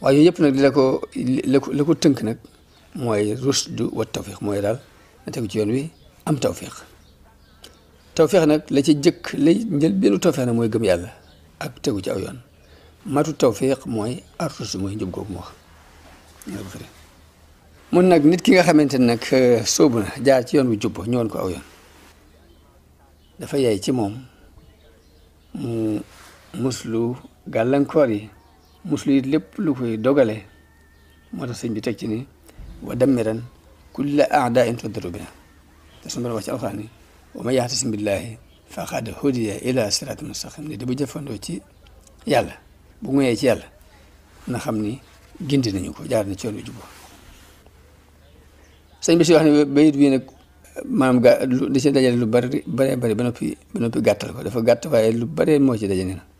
waaye yooyu yëpp nag la ko la ko la ko tënk nag mooy rusdu wa tawfiq mooy daal na tegu ci yoon wi am tawfiq tawfiq nag la ci jëkk lay njëlbéenu tawfiq nag mooy gëm yàlla ak tegu ci aw yoon matu tawfiq mooy ar rusdu mooy njub googu mu mun nag nit ki nga xamante ne nag euh, sóobu na jaar ci yoon wi jub ñëwoon ko aw yoon dafa yaay ci moom mu muslu gàllankoor yi muslu it lépp lu koy dogale moo tax sëñ bi teg ci ni wa dammiran kulla aadain tuddaru bina te suñu borom wax ci alxaan ni wa man yaxtasim billaahi faqad hudiya ila siraati mustaqim ne da bu jëfandoo ci yàlla bu ngoyee ci yàlla na xam ni gindi nañu ko jaar na ci yoon wu juboo sëñ bi si wax ne bayit bii nag maanaam ga li ci dajale lu bari bari bari ba noppi ba noppi gàttal ko dafa gàtt waaye lu bari moo ci dajale na